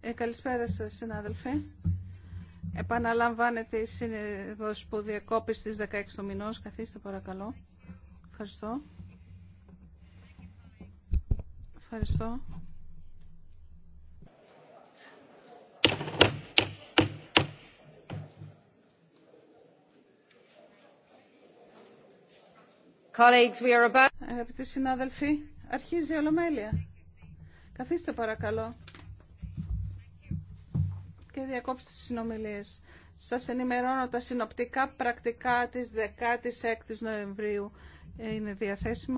Ε, καλησπέρα σα, συνάδελφοι. Επαναλαμβάνεται η σύνεδρος που διακόπη στις 16 του μηνό. Καθίστε παρακαλώ. Ευχαριστώ. Ευχαριστώ. Colleagues, Αγαπητοί συνάδελφοι, αρχίζει η Ολομέλεια. Καθίστε παρακαλώ και διακόψτε τις συνομιλίες. Σας ενημερώνω τα συνοπτικά πρακτικά της 16ης Νοεμβρίου είναι διαθέσιμα.